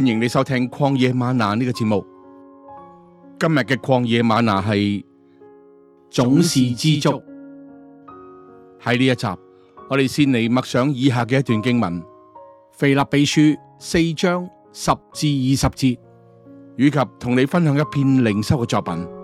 歡迎你收聽曠野嗎哪呢個節目。今日嘅曠野嗎哪係《總是知足》，喺呢一集，我哋先嚟默想以下嘅一段經文：腓立比書四章十至二十節，以及同你分享一篇靈修嘅作品。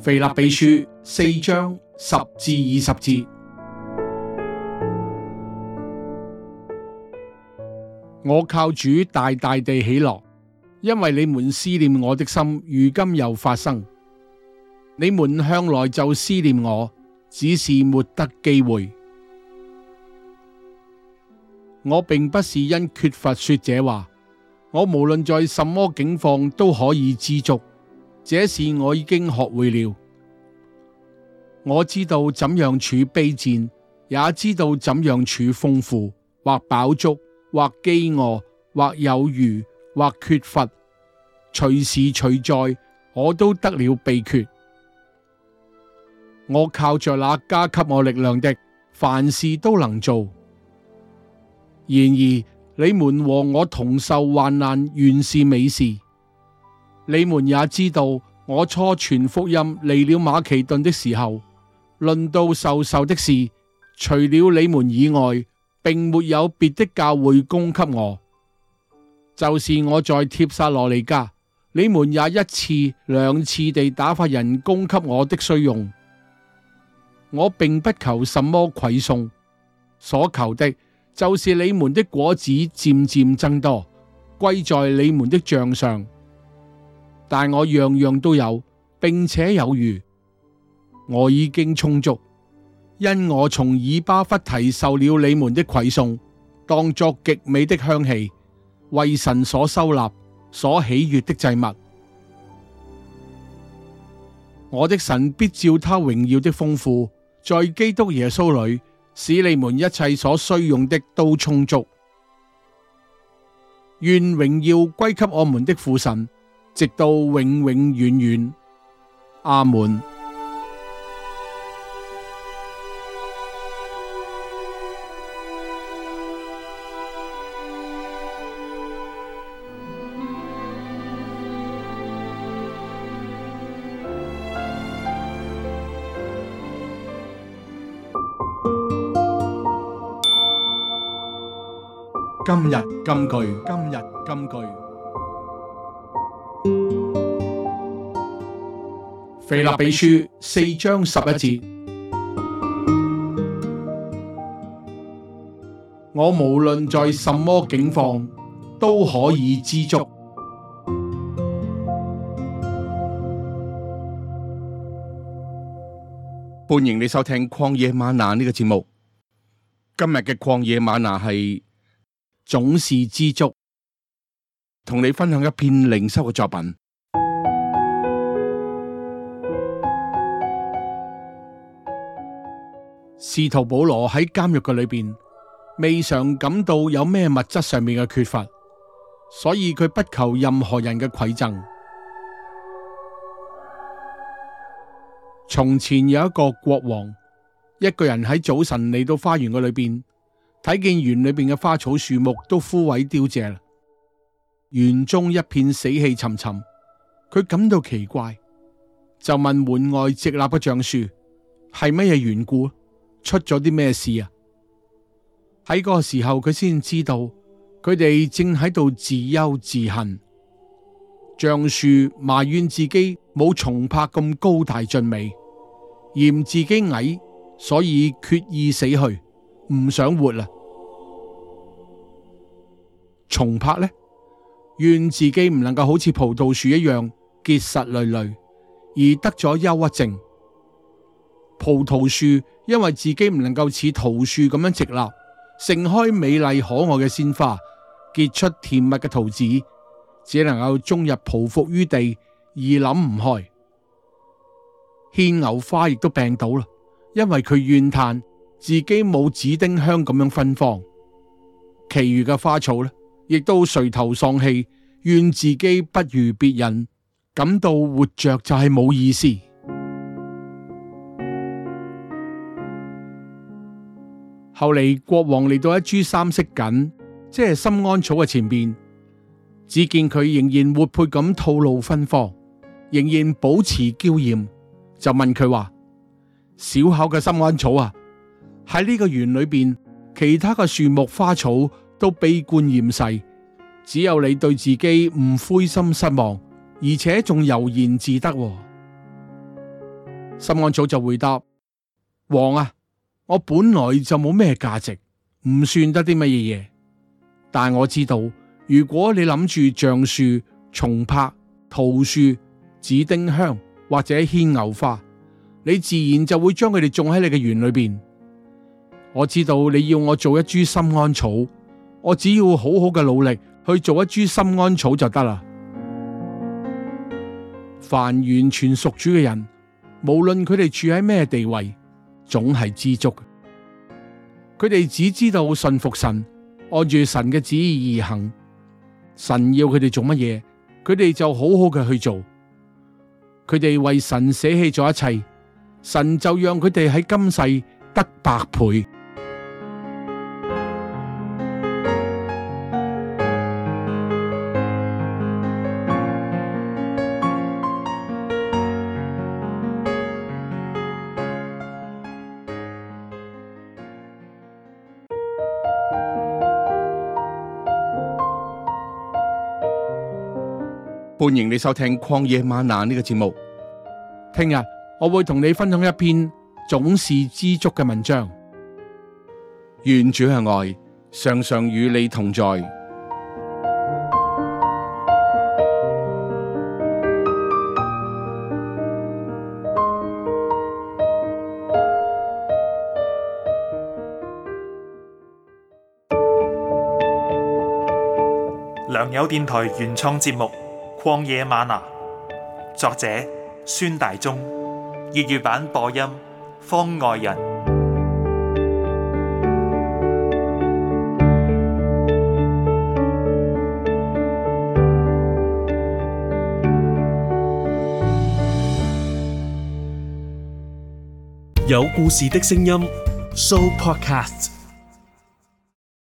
腓立比書四章十至二十節，我靠主大大地喜樂，因為你們思念我的心，如今又發生。你們向來就思念我，只是沒得機會。我並不是因缺乏說這話，我無論在什麼境況都可以知足。這事我已經學會了，我知道怎樣處卑賤，也知道怎樣處豐富，或飽足，或飢餓，或有餘，或缺乏，隨時隨在，我都得了秘訣。我靠着那加給我力量的，凡事都能做。然而你們和我同受患難，原是美事。你們也知道，我初傳福音離了馬其頓的時候，論到授受的事，除了你們以外，並沒有別的教會供給我。就是我在帖撒羅尼迦，你們也一次兩次地打發人供給我的需用。我並不求什麼饋送，所求的，就是你們的果子漸漸增多，歸在你們的賬上。但我樣樣都有，並且有餘，我已經充足，因我從以巴弗提受了你們的饋送，當作極美的香氣，為神所收納，所喜悅的祭物。我的神必照他榮耀的豐富，在基督耶穌裏，使你們一切所需用的都充足。願榮耀歸給我們的父神。直到永永遠遠，阿門。今日金句，今日金句。腓立比書四章十一節，我無論在什麼境況，都可以知足。歡迎你收聽曠野嗎哪呢個節目。今日嘅曠野嗎哪係總是知足，同你分享一篇靈修嘅作品。使徒保羅喺監獄嘅裏邊，未嘗感到有咩物質上面嘅缺乏，所以佢不求任何人嘅饋贈。從前有一個國王，一個人喺早晨嚟到花園嘅裏邊，睇見園裏邊嘅花草樹木都枯萎凋謝，園中一片死氣沉沉，佢感到奇怪，就問門外直立嘅橡樹係乜嘢緣故。出咗啲咩事啊？喺嗰個時候，佢先知道佢哋正喺度自憂自恨，橡樹埋怨自己冇松柏咁高大俊美，嫌自己矮，所以決意死去，唔想活啦。松柏呢，怨自己唔能夠好似葡萄樹一樣結實累累，而得咗憂鬱症。葡萄樹因為自己唔能夠似桃樹咁樣直立，盛開美麗可愛嘅鮮花，結出甜蜜嘅桃子，只能夠終日匍匐於地，而諗唔開。牽牛花亦都病倒啦，因為佢怨嘆自己冇紫丁香咁樣芬芳。其餘嘅花草呢，亦都垂頭喪氣，怨自己不如別人，感到活着就係冇意思。後嚟國王嚟到一株三色堇，即係心安草嘅前邊，只見佢仍然活潑咁吐露芬芳，仍然保持嬌艷，就問佢話：小巧嘅心安草啊，喺呢個園裏邊，其他嘅樹木花草都悲觀厭世，只有你對自己唔灰心失望，而且仲悠然自得喎。心安草就回答：王啊！我本來就冇咩價值，唔算得啲乜嘢嘢。但我知道，如果你諗住橡樹、松柏、桃樹、紫丁香或者牽牛花，你自然就會將佢哋種喺你嘅園裏邊。我知道你要我做一株心安草，我只要好好嘅努力去做一株心安草就得啦。凡完全屬主嘅人，無論佢哋住喺咩地位。總係知足，佢哋只知道信服神，按住神嘅旨意而行。神要佢哋做乜嘢，佢哋就好好嘅去做。佢哋為神捨棄咗一切，神就讓佢哋喺今世得百倍。歡迎你收聽曠野嗎哪呢個節目。聽日我會同你分享一篇總是知足嘅文章。願主嘅愛，常常與你同在。良友電台原創節目。曠野嗎哪，作者孫大中，粵語版播音方外人，有故事的聲音 show podcast。